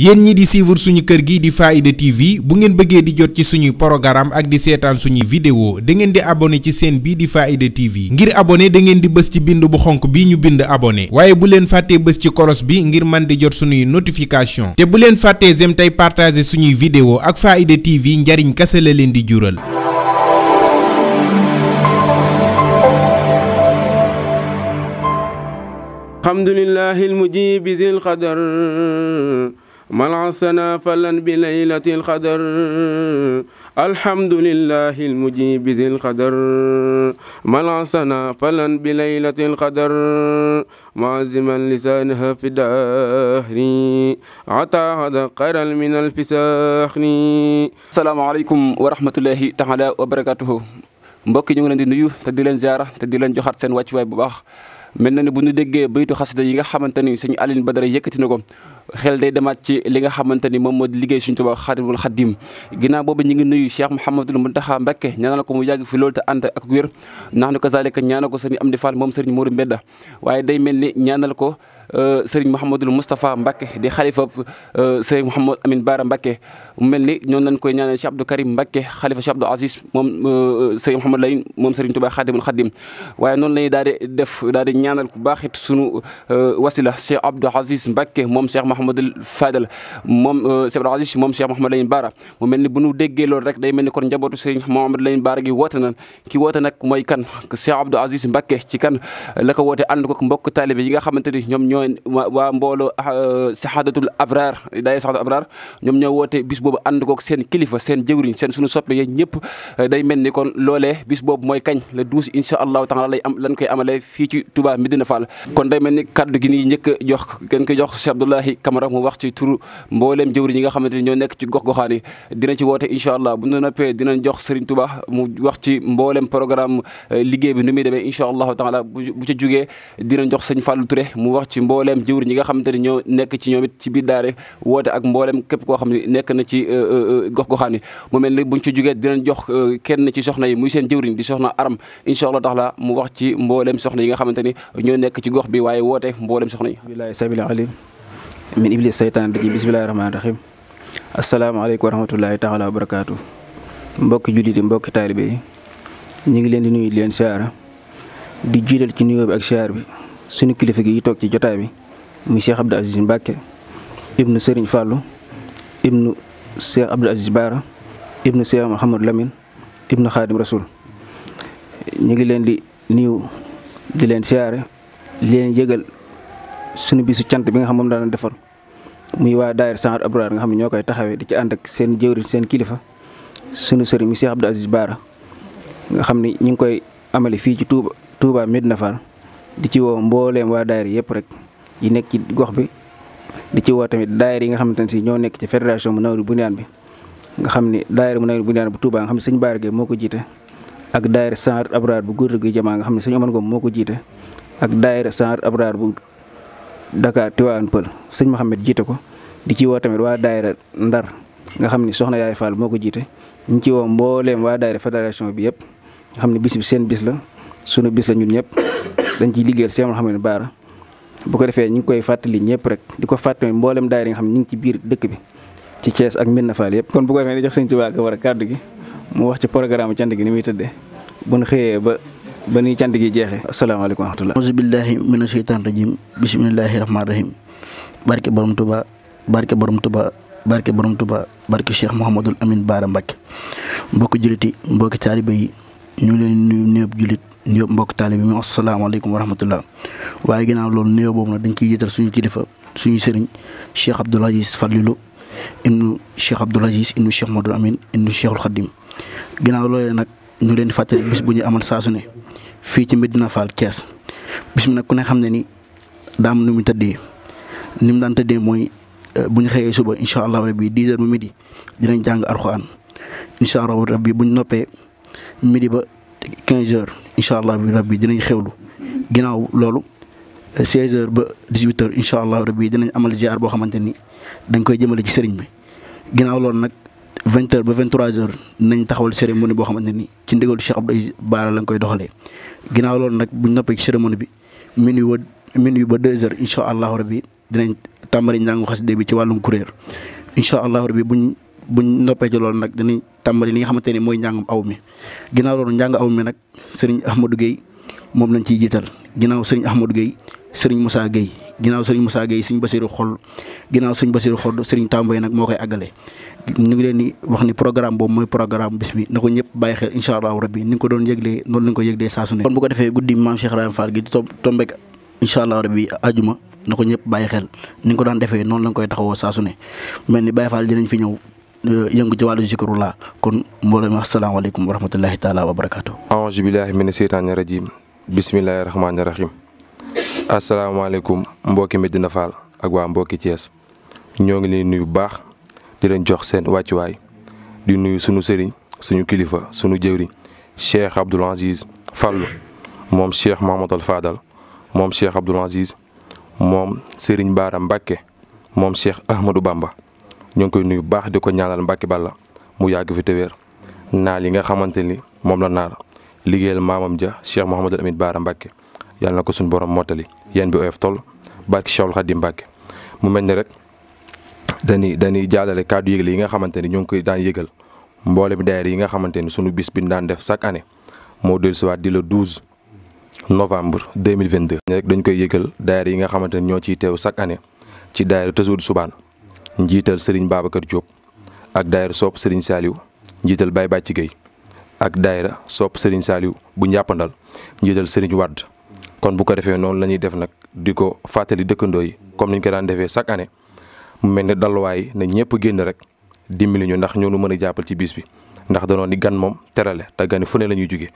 yéen ñi di suivre suñu kër gi di Faaida TV bu ngeen bëggee di jot ci suñuy programme ak di seetaan suñuy vidéo da ngeen di abonné ci seen bii di Faaida TV ngir abonné da ngeen di bës ci bind bu xonk bi ñu bind abonné waaye bu leen fàttee bës ci kolos bi ngir man di jot suñuy notification te bu leen fàttee zem tey partager suñuy vidéo ak Faaida TV njariñ kase la leen di jural alhamdulillahi almujib من عسنا فلن بليلة القدر الحمد لله المجيب ذي القدر من عسنا فلن بليلة القدر معزما لسانها في دهري عطا هذا قرا من الفساخن السلام عليكم ورحمة الله تعالى وبركاته mbokk ñu ngi leen di nuyu te di leen ziara te di leen joxaat seen wàccuwaay bu baax mel na ne bu ñu déggee baytu xasida yi nga xamante ni sëñ Aline Badara yëkkati na ko xel day demaat ci li nga ni moom moo di liggéey suñu Tuubaa Xaadimul Xaadim ginnaaw boobu ñu ngi nuyu Cheikh Mouhamadul Mbakke ñaanal ko mu yàgg fi loolu ta ànd ak wér ndax nu kazalika ñaanal ko sëriñ Amdi Fall moom sëriñ Mourou Mbedda waaye day mel ni ñaanal ko euh, sëriñ Mouhamadul Moustapha Mbakke di xalifa euh, sëriñ Mouhamad Amin Baara Mbakke mu mel ni ñoom lañ koy ñaanal Cheikh Abdou Karim Mbakke xalifa Cheikh Abdou Aziz moom euh, sëriñ Mouhamad Layin moom sëriñ Tuubaa Xaadimul Xaadim waaye noonu lañuy Mbakke moom Cheikh Mouhamadul Fadal moom euh, Cheikh ni bu ñu déggee loolu rek day mel ni kon njabootu Serigne Mouhamad Lamine Bara gi woote ki woote nag mooy kan Cheikh Abdou Aziz Mbacké ci kan la ko woote ànd ko mbokk taalibe yi nga xamante ni ñoom ñooy ah, euh, ñoo woote bis boobu ànd kook seen kilifa seen jëwriñ seen suñu soppe yéen euh, day mel ni kon loolee bis boobu mooy kañ le douze incha allahu taala lay lan koy amalee fii ci Touba Medina kon day mel ni kaddu gi nii njëkk jox kenn koy Camara mu wax ci turu mbooleem jëwri ñi nga xamante ni ñoo nekk ci gox goxaan yi dina ci woote incha allah bu ñu noppee dinañ jox Serigne Touba mu wax ci mbooleem programme euh, liggéey bi nu muy demee incha allahu taala bu ca jugee dinañ jox Serigne Fallou Touré mu wax ci mbooleem jëwri ñi nga xamante ni ñoo nekk ci ñoom it ci biir daare woote ak mbooleem képp koo xam ne nekk na ci euh, euh, gox goxaan yi mu mel ni buñ ci jugee dinañ jox kenn ci soxna yi muy seen jëwriñ di soxna aram incha allah taala mu wax ci mbooleem soxna yi nga xamante ni ñoo nekk ci gox bi waaye woote mbooleem soxna yi min iblis seytaan rajim bismillahi rahmaani rahim asalaamaaleykum wa rahmatullahi taala wa barakaatu mbokki jullit yi mbokki taalibe yi ñu ngi leen di nuyu di leen siyaara di jiital ci nuyoo ak siyaar bi suñu kilifa gi yi toog ci jotaay bi muy Cheikh Abdou Aziz Mbacke ibnu Serigne Fallou ibnu Cheikh Abdou Aziz Baara ibnu Cheikh ñu ngi leen di nuyu di leen siyaare di leen yëgal suñu bisu cant bi nga xam moom daan defar waa daayir Sahar nga xam ne ñoo koy taxawee di ci ànd ak seen jëwriñ seen kilifa sunu sëriñ mi Cheikh Abdou Aziz Baara nga xam ni ñu ngi koy amale fii ci Touba Touba Medina Fall di ci woo mbooleem waa daayir yëpp rek yi nekk ci gox bi di ci woo tamit daayir yi nga xamante ne si ñoo nekk ci fédération Mounawirou Bouniyane bi nga xam ni daayir Mounawirou Bouniyane bu Touba nga xam ne sëñ Baara Gueye moo ko jiite ak daayir Sahar Abrar bu góor gi jamaa nga xam ne sëñ Omar Ngom moo ko jiite ak daayir Sahar bu Dakar Tivaouane Pël sëñ Mouhamed jiite ko di ci woo tamit waa daayira Ndar nga xam ni soxna Yaay Fall moo ko jiite ñu ci woo mbooleem waa daayira fédération bi yëpp nga xam ne bis bi seen bis la sunu bis la ñun ñëpp dañ ciy liggéeyal seen Mouhamed Baara bu ko defee ñu ngi koy fàttali ñëpp rek di ko fàttali mbooleem daayira nga xam ne ñu ngi ci biir dëkk bi ci Thiès ak Mbène faal yëpp. kon bu ko defee di jox sëñ Tuubaa ka war kàddu gi mu wax ci programme cant gi ni muy tëddee ba ni cant gi jeexee asalaamaaleykum wa rahmatulah. auzu billaahi mina sheytaan rajim bismillaahi rahmaani rahim barke borom tuba barke borom tuba barke borom Touba barke Cheikh Mouhamadul Amin Baara Mbacke mbokk julliti mbokk taaliba yi ñu leen nuyu néew jullit néew mbokk taaliba yi asalaamaaleykum wa rahmatulah waaye ginaaw loolu néew boobu nag dañ ciy yëtal suñu kilifa suñu sëriñ Cheikh Abdoul Aziz Fallilou ibnu Cheikh Abdoul Aziz ibnu Cheikh Mouhamadul Amin ibnu ginnaaw loolee nag. ñu leen di fàttali bis bu ñuy amal saa ne fii ci Medina Fall Thiès bis mi nag ku ne xam ne ni daa am nu mu tëddee ni mu daan tëddee mooy euh, bu ñu xëyee suba incha allah rabbi dix heures bu midi dinañ jàng alxuraan incha allah rabbi bu ñu noppee midi ba quinze heures incha allah rabbi dinañ xewlu ginnaaw loolu euh, seize heures ba dix huit heures incha allah rabbi dinañ amal ziar boo xamante ni dañ koy jëmale ci sëriñ bi ginnaaw loolu nag vingt heures ba vingt trois heures nañ taxawal cérémonie boo xamante ni ci ndigalu Cheikh Abdou Aziz lañ koy doxalee ginnaaw loolu nag buñ noppee ci cérémonie bi minuit wa minuit ba deux heures incha allahu rabi dinañ tàmbali njàngu xasida bi ci wàllum kuréel incha allahu rabi buñ buñ noppee ci loolu nag dinañ tàmbali li nga xamante ni mooy njàngum aw mi ginnaaw loolu njàng aw mi nag sëriñ Ahmadou Guèye moom lañ ciy jiital ginnaaw sëriñ Ahmadou Guèye sëriñ musaa géey ginnaaw sëriñ Moussa Guèye sëriñ Basiru xol ginnaaw sëñ Basiru Xodd sëriñ Tambay nag moo koy àggale ñu ngi leen di wax ni programme boobu mooy programme bis bi na ko ñëpp bàyyi xel incha allahu rabbi ni nga ko doon yëglee noonu la ñu ko yëglee saa su ne kon bu ko defee ñëpp bàyyi xel ni nga ko daan defee noonu la koy taxawoo saa mel ni Baye Fall dinañ fi ñëw euh, yëngu ci wàllu zikrullah kon mbooloo mi asalaamaaleykum wa rahmatullahi taala wa barakaatu aouzu billahi mina seytaani rajim bismillahi rahmaani rahim asalaamaaleykum mbokki Medina faal ak waa mbokki Thiès ñoo ngi leen nuyu baax di leen jox seen wàccuwaay di nuyu suñu sëriñ suñu kilifa suñu jëwriñ Cheikh Abdoul Aziz Fallou moom Cheikh Mahmadul Fadal moom Cheikh Abdoul Aziz moom Serigne Baara Mbacke moom Cheikh Ahmadou Bamba ñoo ngi koy nuy bu baax di ko ñaanal Mbacke Balla mu yàgg fi te wér naal yi nga xamante ni moom la naar liggéeyal maamam ja Cheikh Mouhamadul Amin Baara Mbacke yàlla ko suñu borom mottali yéen bi oyof toll barke Cheikhul Khadim Mbacke mu mel ni rek. dañuy dañuy jaalale kàddu yëgle yi nga xamante ni ñoo ngi koy daan yëgal mboolem daayira yi nga xamante ni sunu bis bi daan def chaque année moo dellusiwaat di le 12 novembre 2022. rek dañ koy yëgal daayira yi nga xamante ni ñoo ciy teew chaque année ci daayira Tazawudu Subaan njiital baaba kër jóob ak daayira Sopp Serigne Saliou njiital Baye Bàcci Gueye ak daayira Sopp Serigne Saliou bu njàppandal njiital Serigne Wade kon bu ko defee noonu la ñuy def nag di ko fàttali dëkkandoo yi comme niñ ko daan defee chaque année. mu mel ne dalluwaay na ñëpp génn rek dimbali ñu ndax ñoo nu mën a jàppal ci bis bi ndax danoo ni gan moom terale te gan fu ne la ñuy jugee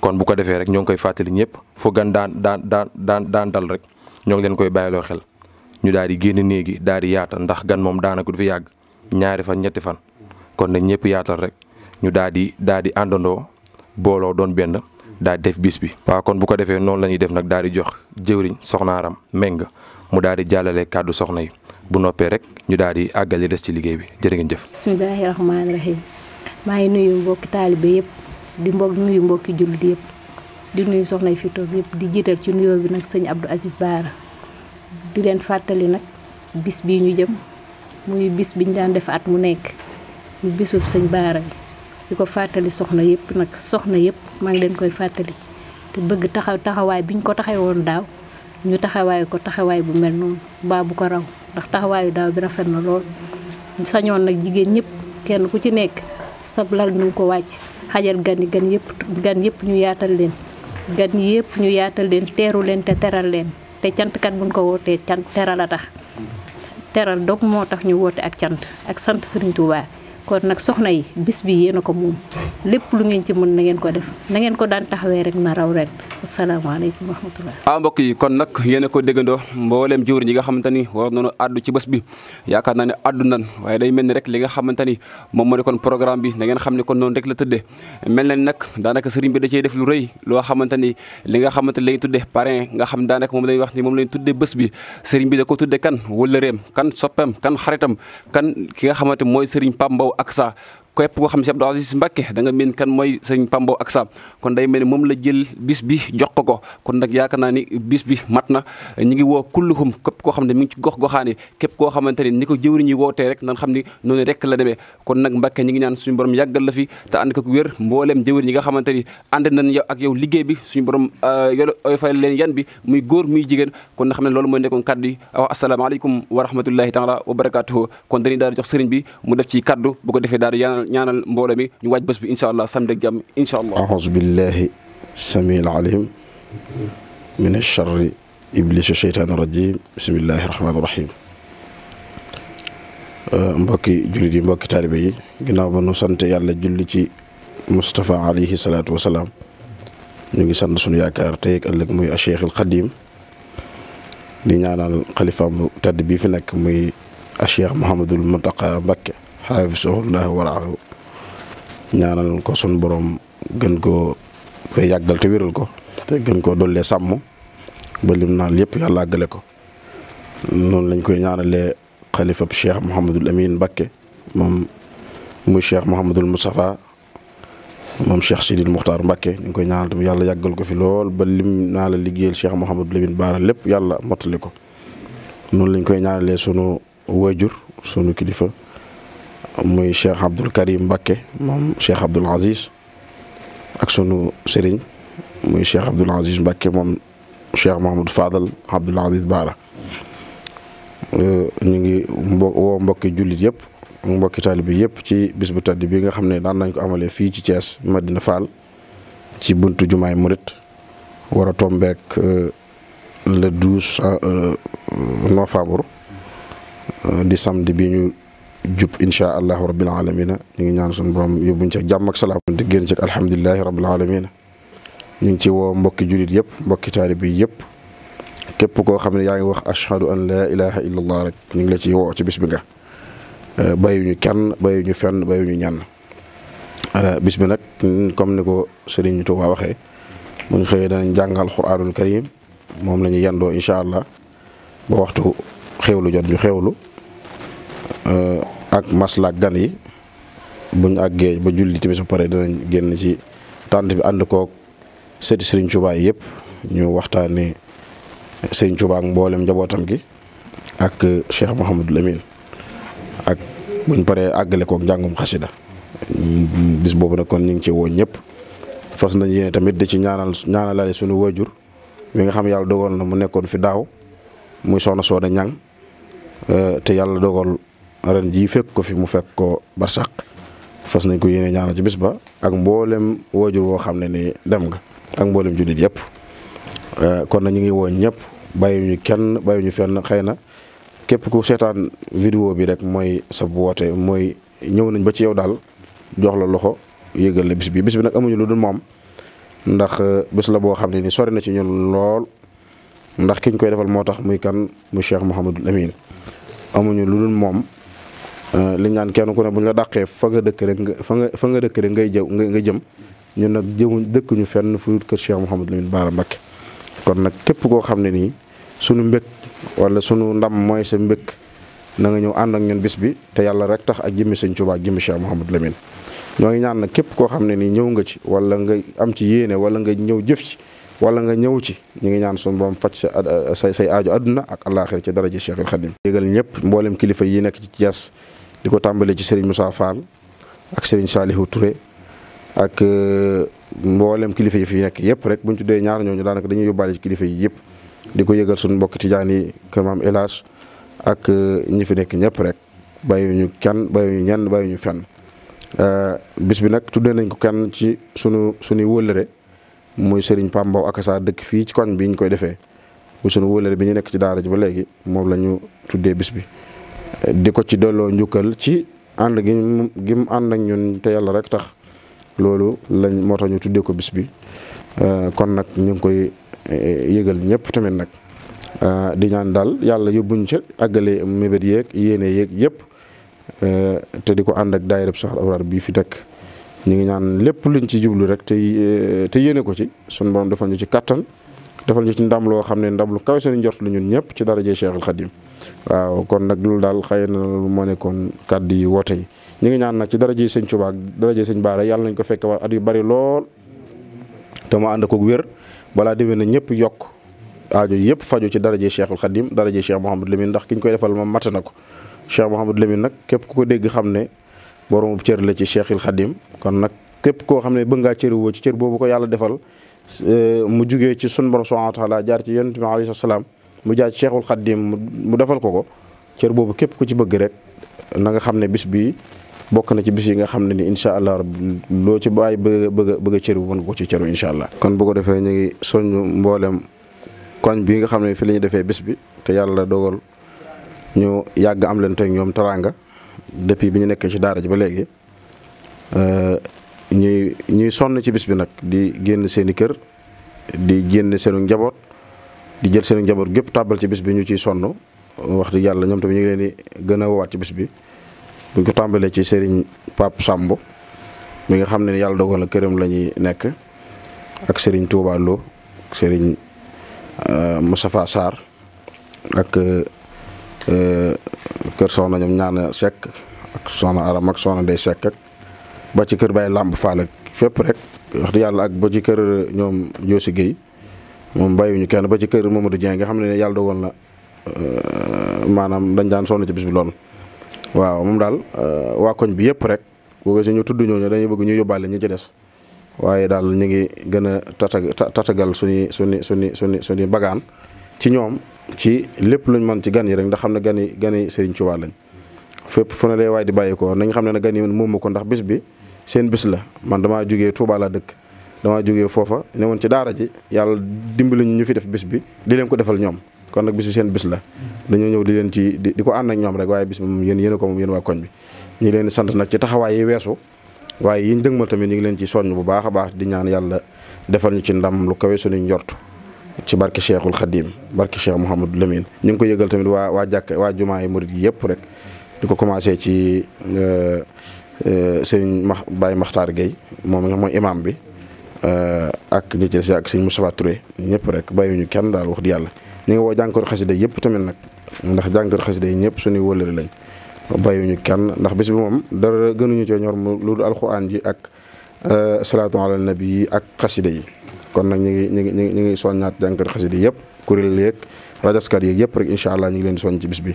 kon bu ko defee rek ñoo ngi koy fàttali ñëpp fu gan daan daan daan daan daan dal rek ñoo ngi leen koy bàyyiloo xel ñu daal di néegi daal di yaata ndax gan moom daanaka du fi yàgg ñaari fan ñetti fan kon na ñëpp yaatal rek ñu daal di daal di àndandoo booloo doon benn daal def bis bi. waaw kon bu ko defee noonu la ñuy def nag daal di jox jëwriñ soxnaaram méng mu daal di jàllale kàddu soxna yi. bu noppee rek ñu daal di àggali des ci liggéey bi jërë ngeen jëf. bismillahi rahmaani rahim maa ngi nuyu mbokki taalibe yëpp di mbokk nuyu mbokki jullit yëpp di nuyu soxna yi fi toog yëpp di jiital ci nuyoo bi nag sëñ Abdou Aziz Baara di leen fàttali nag bis bii ñu jëm muy bis bi ñu daan def at mu nekk ñu bisub sëñ Baara bi di ko fàttali soxna yëpp nag soxna yëpp maa ngi leen koy fàttali te bëgg taxaw taxawaay biñ ko taxawoon daaw ñu taxawaay ko taxawaay bu mel noonu baa bu ko raw. ndax taxawaayu daaw bi rafet na lool sañoon nag jigéen ñëpp kenn ku ci nekk sab lal ñu ko wàcc xajal gan yi gan yëpp gan yëpp ñu yaatal leen gan yëpp ñu yaatal leen teeru leen te teral leen te cantkat buñ ko wootee cant teral a tax teral dog moo tax ñu woote ak cant ak sant Serigne Touba kon nag soxna yi bis bi yéen a ko moom lépp lu ngeen ci mën na ngeen ko def na ngeen ko daan taxawee rek na raw ren a wa rahmatulah. ah mbokk yi kon nag yéen a ko déggandoo mbooleem jiwur yi nga xamante ni war nañu ci bés bi yaakaar naa ne waaye day mel ni rek li nga xamante ni moom moo kon programme bi na ngeen xam ne kon noonu rek la tëddee mel na ni nag daanaka sëriñ bi da cee def lu rëy loo xamante ni li nga xamante ni lañ tuddee parrain nga xam daanaka moom lañ wax ni moom lañ tuddee bés bi sëriñ bi da ko tuddee kan wëllëreem kan soppeem kan xaritam kan ki nga xamante mooy sëriñ Pape Mbow Aqsa képp koo xam si Abdou Aziz Mbacké da nga mën kan mooy sëñ Pambo ak Sam kon day mel ni moom la jël bis bi jox ko ko kon nag yaakaar ni bis bi mat na ñi ngi woo kulluhum képp koo xam ne mi ngi ci gox rek nan xam ni noonu rek la demee kon nag Mbacké ñi ñaan suñu borom yàggal la fi te ko wér mbooleem jëwriñ yi nga xamante ni ànd nañ liggéey bi suñu borom euh, yolu oy fayal leen yan bi muy góor muy jigéen kon na xam ne loolu mooy nekkoon kaddu wa rahmatullahi taala wa barakatuhu kon dañuy daal di jox sëriñ bi mu def ñaanal ñaanal mbooloo mi ñu waaj bés bi incha allah samedi jam jàmm incha allah ahousu billahi samiil alim min acharri iblis cheytaan rajim bismillahi rahmaani rahim euh, mbokki juli yi mbokki taalibe yi ginnaaw ba nu sant yàlla julli ci Moustapha alayhi salaatu wa salaam ñu ngi sant sunu yaakaar tey ak ëllëg muy al Xadim di ñaanal xalifaam fi nekk muy Cheikh Mouhamadul Mountakha xaafisahu llaahu waraahu ñaanal ko sun borom gën koo koy yàggal te wéral ko te gën koo le sàmm ba lim naal yëpp yàlla àggale ko noonu lañ koy ñaanale xalifab cheikh Mouhamadul Amin Mbakke moom muy cheikh Mouhamadul Moustapha moom cheikh Sidil Muxtaar Mbakke ñu ngi koy ñaanal yàlla yàggal ko fi lool ba lim naa la liggéeyal cheikh Mouhamadul lépp yàlla mottali ko noonu lañ koy ñaanalee sunu wajur sunu kilifa. muy Cheikh Abdoul Karim Mbakke moom Cheikh Abdoul Aziz ak sunu sëriñ muy Cheikh Abdoul Aziz Mbakke moom Cheikh Mahamadou Fadal Abdoul Aziz Baara euh, ñu ngi mbo woo mbokki jullit yëpp ak mbokki taalibe yëpp ci bis bu bi nga xam ne daan nañ ko amale fii ci Thiès Madina Fall ci buntu jumaay Murit war a tombeek euh, le euh, novembre di samedi bi ñu. jub incha allahu rabbil alamina ñu ngi ñaan suñu borom yóbbuñ ci jàmm ak salaam di génn ci alhamdulilahi rabbil alamina ñu ngi ci woo mbokki jullit yëpp mbokki taalib yi yëpp képp koo xam ne yaa ngi wax ashhadu an laa ilaha illa rek ñu ngi la ci woo ci bis bi nga eh, bàyyiwuñu kenn bàyyiwuñu fenn bàyyiwuñu ñenn eh, bis nag comme ni ko Sëriñ Tuubaa waxee mu ngi xëyee danañ jàngal quraanul karim moom la ñu yendoo incha allah ba waxtu xewlu jot xewlu eh, ak masla gan yi bu ñu àggee ba julli timis ba pare danañ génn ci tànt bi ànd koog seeti Serigne Touba yëpp ñu waxtaanee Serigne Touba mboolem njabootam gi ak Cheikh Mouhamadul Amin ak buñ paree àggale koog njàngum xasida bis boobu nag kon ñu ngi ci woo ñëpp fas nañ yéene tamit di ci ñaanal ñaanalale suñu waajur mi nga xam yàlla dogal na mu nekkoon fi daaw muy soxna Sooda Ñang te yàlla dogal. ren jii fekk ko fi mu fekk ko barsàq fas nañ ko yéene ñaanal ci bis ba ak mboolem waajur woo xam ne ni dem nga ak mboolem jullit yëpp euh, kon na ñu ngi woo ñëpp bàyyi ñu kenn bàyyi ñu fenn xëy na képp ku seetaan vidéo bi rek mooy sa boote mooy ñëw nañ ba ci yow daal jox la loxo yëgal la bis bi bis bi nag amuñu lu dul moom ndax euh, bis la boo xam ne ni sori na ci ñun lool ndax kiñ koy defal moo tax muy kan mu Cheikh Mouhamadul Amin amuñu lu dul moom Euh, li ñu naan kenn ku ne bu ñu la dàqee fa nga dëkk rek nga fa nga fa nga dëkk rek ngay jëm nga jëm ñun nag jëmuñ dëkk ñu fenn fu kër Cheikh Mouhamadou Lamine Bara Mbacké kon nag képp koo xam ne nii sunu mbëkk walla sunu ndam mooy sa mbëkk na nga ñëw ànd ak ñun bis bi te yàlla rek tax ak jëmmi Sëñ Tuubaa ak jëmmi Cheikh Mouhamadou Lamine ñoo ngi ñaan nag képp koo xam ne nii ñëw nga ci walla nga am ci yéene wala nga ñëw jëf ci wala nga ñëw ci ñu ngi ñaan suñu borom faj sa say say aajo adduna ak àllaaxira ci daraja Cheikhul Khadim yégal ñëpp mboolem kilifa yi nekk ci Thiès di ko tàmbalee ci Serigne Moussa Fall ak Serigne Salihou Touré ak euh, mboolem kilifa yi fi nekk yëpp rek bu ñu tuddee ñaar ñu daanaka dañuy yóbbaale ci kilifa yi yëpp di ko yëgal suñu mbokk tijaan yi kër maam El ak euh, ñi fi nekk ñëpp rek bàyyiwuñu kenn bàyyiwuñu ñenn ñu fenn. Euh, bis bi nag tuddee nañ ko kenn ci sunu suñuy wëllëre muy Serigne Pambaw Akasa dëkk fii ci koñ bi ñu koy defee muy sunu wëllëre bi ñu nekk ci daara ji ba léegi moom la ñu tuddee bis bi. di ko ci delloo njukkal ci ànd gi gi mu ànd ak ñun te yàlla rek tax loolu lañ moo tax ñu tuddee ko bis bi euh, kon nag ñu ngi koy euh, yëgal ñëpp tamit nag euh, di ñaan daal yàlla yóbbuñ ci àggale mébét yeeg yéene yeeg yëpp te di ko ànd ak daayira Sahel Awraar bii fi dekk ñu ngi ñaan lépp luñ ci jublu rek te te yéene ko ci sunu bon defal ci kattan. defal ñu ci ndam loo xam ne ndam lu kawe seen njort lu ñun ñëpp ci daraje Cheikhul Khadim waaw kon nag loolu daal xëy na loolu moo nekkoon kàdd yi woote yi ñu ngi ñaan nag ci daraje sëñ Tuubaa daraje sëñ Baara yàlla nañ ko fekkee waa at yu bari lool te mu ànd koog wér balaa déwén na ñëpp yokk aajo yëpp faju ci daraje Cheikhul Khadim daraje Cheikh Mouhamadou Lamine ndax ki ñu koy defal moom mat na ko Cheikh Mouhamadou Lamine nag képp ku ko dégg xam ne borom cër la ci Cheikhul Khadim kon nag képp koo xam ne bëgg ngaa cër woo ci cër boobu ko yàlla defal Euh, mu jugee ci sun borom subhanahu wa taala jaar ci yonent bi alayhi salaam mu jaar ci cheikhul xaddim mu defal ko ko cër boobu képp ku ci bëgg rek na nga xam ne bis bi bokk na ci bis yi nga xam ne ni incha allah loo ci bàyyi bëgg bëgg bëgg a cëru mën nga ko ci allah. kon bu ko defee ñu ngi soññu mboolem koñ bi nga xam ne fi la ñu defee bis bi te yàlla dogal ñu yàgg am leen teg ñoom taraanga depuis bi ñu nekkee ci daara ji ba léegi. Euh, ñuy ñuy sonn ci bis bi nag di génn seeni kër di génn seenu njaboot di jël seenu njaboot gépp tàbbal ci bis bi ñu ciy sonn wax dëgg yàlla ñoom tamit ñu ngi leen di gën a woowaat ci bis bi buñ ko tàmbalee ci Serigne Pape Samb mi nga xam ne yàlla dogal na këram lañuy nekk ak Serigne Touba Lo Serigne euh, Moustapha Sarr ak euh, kër soxna ñoom ñaana Seck ak soxna Aram ak soxna Ndey Seck ba ci kër Baye Lamb Fall fépp rek wax dëgg yàlla ak ba ci kër ñoom si Guèye moom bàyyiwuñu kenn ba ci kër Mamadou Dieng nga xam ne yàlla dogal na euh, maanaam dañ daan sonn ci bis bi lool. waaw moom daal euh, waa koñ bi yëpp rek boo gisee ñu tudd ñooñu dañuy bëgg ñu yóbbaale ñi ci des waaye daal ñu ngi gën a tata tatagal suñu suñu suñu suñu suñu bagaan ci ñoom ci lépp luñ mën ci gan yi rek ndax xam ne gan yi gan yi Serigne Touba lañ fépp fu ne lay waay di bàyyi ko nañ xam ne ne gan yi moom ko ndax bis bi. seen bés la man damaa jógee Touba laa dëkk damaa jóge foofa newoon ci daara ji yàlla dimbali ñu ñu fi def bés bi di leen ko defal ñoom kon nag bis bi seen bés la dañoo ñëw di leen ci di ko ànd ak ñoom rek waaye bis bi moom yéen yéen ko moom yéen waa koñ bi ñu leen sant nag ci taxawaay yi weesu waaye yiñ dëgmal tamit ñu ngi leen ci soññ bu baax baax di ñaan yàlla defal ñu ci ndam lu kawe suñu njort ci barke Cheikhul Khadim barke Cheikh Mouhamadou Lamine ñu ngi ko yëgal tamit waa waa jàkk waa jumaa yi murid yi yëpp rek di ko commencé ci euh, Euh, sëñ Max Baye maxtaar Gueye moom nga mooy imam bi euh, ak ñi ci des ak sëñ Moustapha Touré ñëpp rek bàyyiwuñu kenn daal wax di yàlla ñu ngi woo jànkoor xasida yëpp tamit nag ndax jànkoor xasida yi ñëpp suñuy wëllëri lañ bàyyiwuñu kenn ndax bis bi moom dara gënuñu cee ñor mu lu dul alxuraan ji ak euh, salaatu ala nabi yi ak xasida yi kon nag ñu ngi ñu ngi ñu ngi ñu ngi soññaat jànkoor xasida yëpp kuréel yeeg rajaskat yeeg yëpp rek incha allah ñu ngi leen soññ ci bis bi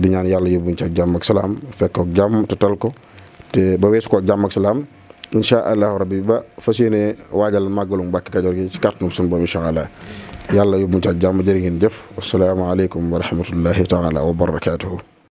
di ñaan yàlla yóbbuñ ci ak jàmm ak salaam fekk ak jàmm te tal ko ba wees ko ak jàmm ak salaam incha allahu rabbi ba fas yéene waajal màggalu Mbàkke Kajoor gi ci kàttanu suñu borom incha allah yàlla yóbbu mu ci ak jàmm jërë ngeen jëf wasalaamaaleykum wa rahmatullahi taala wa barakaatuhu